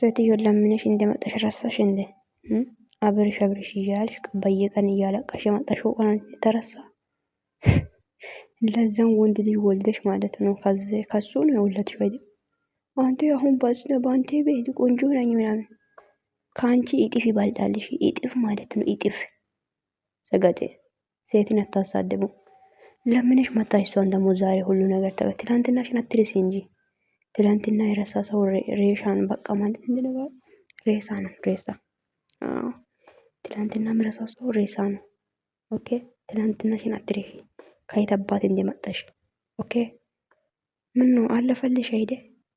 ሴትዮን ለምንሽ እንደመጣሽ ረሳሽ እንዴ? አብርሽ አብርሽ እያልሽ በየቀን እያለቀሽ የመጣሽው ቀን ተረሳ። ለዛም ወንድ ልጅ ወልደሽ ማለት ነው። ከሱ ነው የወለድሽው ወይ አንተ አሁን በአንተ ቤት ቆንጆ ነኝ ምናምን ከአንቺ ኢጢፍ ይባልጣልሽ። እጥፍ ማለት ነው። እጥፍ ሰገጤ ሴትን አታሳድቡ። ለምንሽ መጣሽ? እሷን ደግሞ ዛሬ ሁሉ ነገር ትላንትናሽን አትርሲ እንጂ ትላንትና የረሳ ሰው ሬሻን በቃ ማለት ምንድነው? ሬሳ ነው ሬሳ። ትላንትና ምረሳው ሰው ሬሳ ነው። ኦኬ ትላንትናሽን አትርሺ። ከየት አባት እንደመጣሽ ኦኬ። ምን ነው አለፈልሽ አይደ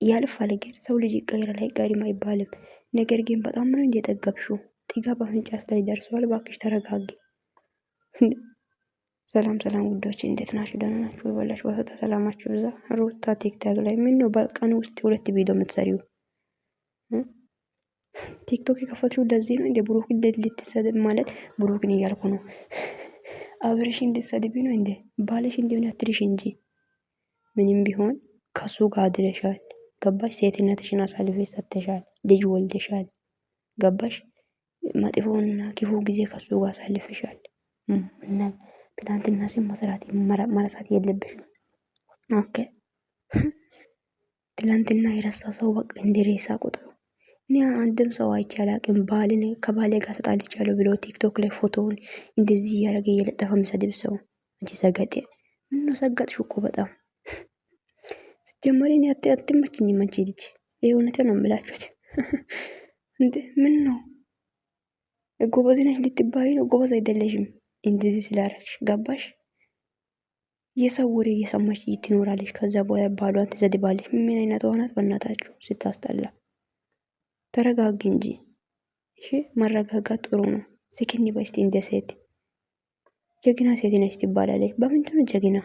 ያልፋል። ግን ሰው ልጅ ይቀየራል አይቀርም አይባልም። ነገር ግን በጣም ነው እንደጠገብሹ ጥጋ አፍንጫሽ ላይ ደርሷል። እባክሽ ተረጋጊ። ሰላም ሰላም ጉዳዮች እንዴት ናችሁ? ደህና ናችሁ? በላሽ በፈጣ ሰላማችሁ ብዛ። ሩታ ቲክታክ ላይ ምን ነው በቀን ውስጥ ሁለት ቪዲዮ የምትሰሪው? ቲክቶክ የከፈትሽው እንደዚህ ነው እንዴ? ብሩክ እንዴት ልትሰድብ ማለት ብሩክን እያልኩ ነው። አብርሽ እንዴት ሰድቢ ነው እንዴ? ባለሽ እንዲሆን አትልሽ እንጂ ምንም ቢሆን ከሱ ጋር አድረሻል። ገባሽ? ሴትነትሽን አሳልፈሽ ሰተሻል ልጅ ወልደሻል። ገባሽ? መጥፎና ክፉ ጊዜ ከሱ ጋር አሳልፈሻል። ትናንትና ሲሆን መስራት መረሳት የለብሽም። ኦኬ ትላንትና የረሳ ሰው በቃ እንደ ሬሳ ቁጥሩ። እኔ አንድም ሰው አይቼ አላቅም ባልን ከባሌ ጋር ተጣልቻለሁ ብሎ ቲክቶክ ላይ ፎቶውን እንደዚህ እያደረገ እየለጠፈ የሚሰድብ ሰው አንቺ ሰገጤ ምን ሰገጥሽ እኮ በጣም ስጀመሪ እኔ አትመችኝም። አንቺ ልጅ እውነቴ ነው የምላችሁት። እንደ ምን ነው ጎበዝ ነሽ ልትባይ ነው? ጎበዝ አይደለሽም። እንደዚህ ስላደረግሽ ገባሽ? የሰው ወሬ እየሰማች ትኖራለች። ከዛ በኋላ ባሏን ትዘድባለች። ምን አይነት ሆናት? በእናታችሁ ስታስጠላ። ተረጋግ እንጂ እሺ። መረጋጋት ጥሩ ነው። ስክኒ በስቲ እንደ ሴት ጀግና ሴት ነች ትባላለች። በምንድን ነው ጀግና?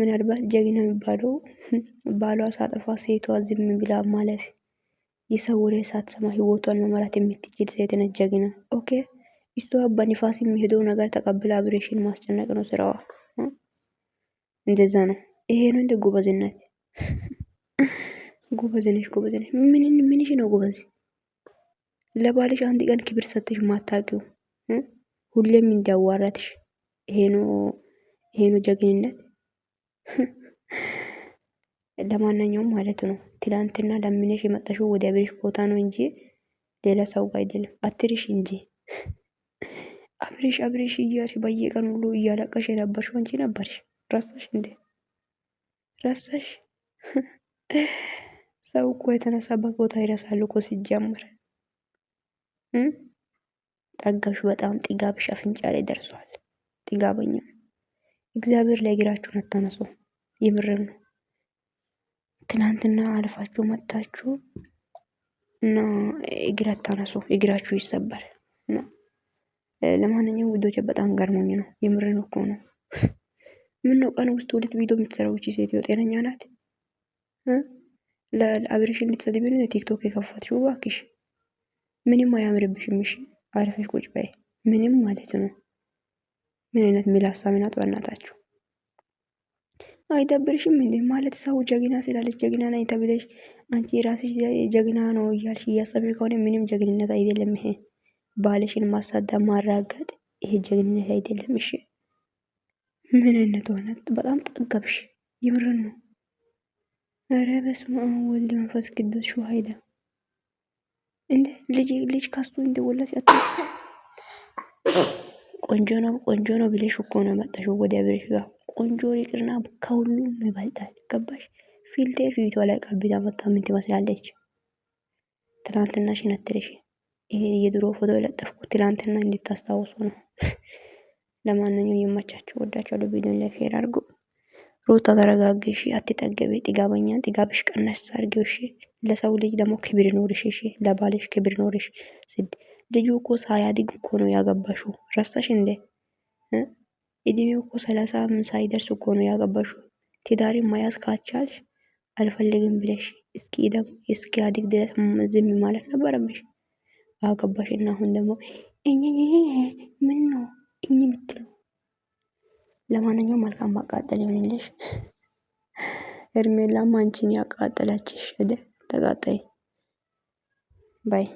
ምናልባት ጀግና የሚባለው ባሏ ሳጠፋ ሴቷ ዝም ብላ ማለፍ፣ የሰው ወሬ ሳትሰማ ህይወቷን መመራት የምትችል ሴት ነች ጀግና። ኦኬ እሷ በንፋስ የሚሄደው ነገር ተቀብላ አብሬሽን ማስጨነቅ ነው ስራዋ። እንደዛ ነው። ይሄ ነው እንደ ጎበዝነት። ጎበዝነሽ ጎበዝነሽ። ምን ምንሽ ነው ጎበዝ? ለባልሽ አንድ ቀን ክብር ሰጥሽ ማታቂው ሁሌም እንዲያዋራትሽ። ይሄ ነው ይሄ ነው ጀግንነት። ለማንኛውም ማለት ነው ትላንትና ለምነሽ የመጣሽው ወደ አብሬሽ ቦታ ነው እንጂ ሌላ ሰው አይደለም። አትርሽ እንጂ አብሬሽ አብሬሽ እያልሽ በየቀን ሁሉ እያለቀሽ የነበርሽው አንቺ ነበርሽ። ረሳሽ እንዴ? ረሳሽ? ሰው እኮ የተነሳበት ቦታ ይረሳል እኮ ሲጀምር። ጠገብሽ። በጣም ጥጋብሽ አፍንጫ ላይ ደርሷል። ጥጋበኛ እግዚአብሔር ላይ እግራችሁን አታነሱ። የምርም ነው። ትናንትና አልፋችሁ መታችሁ እና እግር አታነሱ። እግራችሁ ይሰበር። ለማንኛውም ውዶች በጣም ገርሞኝ ነው። የምርን እኮ ነው። ምን ነው ቀን ውስጥ ሁለት ቪዲዮ የምትሰራው እቺ ሴትዮ ጤነኛ ናት? ለአብሬሽ እንድትሰድቢ ነው የቲክቶክ የከፈትሽው? እባክሽ ምንም አያምርብሽም። እሺ አረፈሽ ቁጭ በይ። ምንም ማለት ነው። ምን አይነት ሚላሳ ምናት በእናታችሁ አይደብርሽም እንዴ? ማለት ሰው ጀግና ስላለች ጀግና ነኝ ተብለሽ አንቺ ራስሽ ጀግና ነው እያልሽ እያሰብሽ ከሆነ ምንም ጀግንነት አይደለም ይሄ። ባልሽን ማሳደብ ማራገጥ ይሄ ጀግንነት አይደለም። እሺ ምን አይነት ሆነ? በጣም ጠገብሽ። ይምርን ነው። ኧረ በስመ አብ ወልድ መንፈስ ቅዱስ ሹሃይዳ እንደ ልጅ ልጅ ካስቱ ወላት ያት ቆንጆ ነው ቆንጆ ነው ብለሽ እኮ ነው መጣሽ ወደ አብሬሽ ጋር። ቆንጆ ይቅርና ከሁሉም ይበልጣል። ገባሽ? ፊልተር ፊቷ ላይ ቀብታ መጣ ምን ትመስላለች? ትናንትና ሽነትረሽ ይሄን የድሮ ፎቶ የለጠፍኩት ትላንትና እንድታስታውሱ ነው። ለማንኛውም የማቻቸው ወዳቸዋለሁ። ቪዲዮን ላይ ሼር አድርጉ። ሩታ ተረጋግሽ፣ አትጠገቤ፣ ጥጋበኛ ጥጋብሽ ቀነስ አድርጊው። እሺ ለሰው ልጅ ደግሞ ክብር ኖርሽ፣ እሺ ለባልሽ ክብር ኖርሽ። ስድ ልጁ እኮ ሳያድግ እኮ ነው ያገባሹ። ረሳሽ እንዴ? እድሜው እኮ ሰላሳ ሳይደርስ እኮ ነው ያገባሹ። ትዳሪ መያዝ ካቻልሽ አልፈልግም ብለሽ እስኪ አድግ ድረስ ዝም ማለት ነበረብሽ። እና አሁን ደግሞ ምን ነው እኝ የምትለው? ለማንኛውም መልካም ማቃጠል ይሆንልሽ። ሄርሜላም አንቺን ያቃጠላችሽ እደ ተቃጣይ ባይ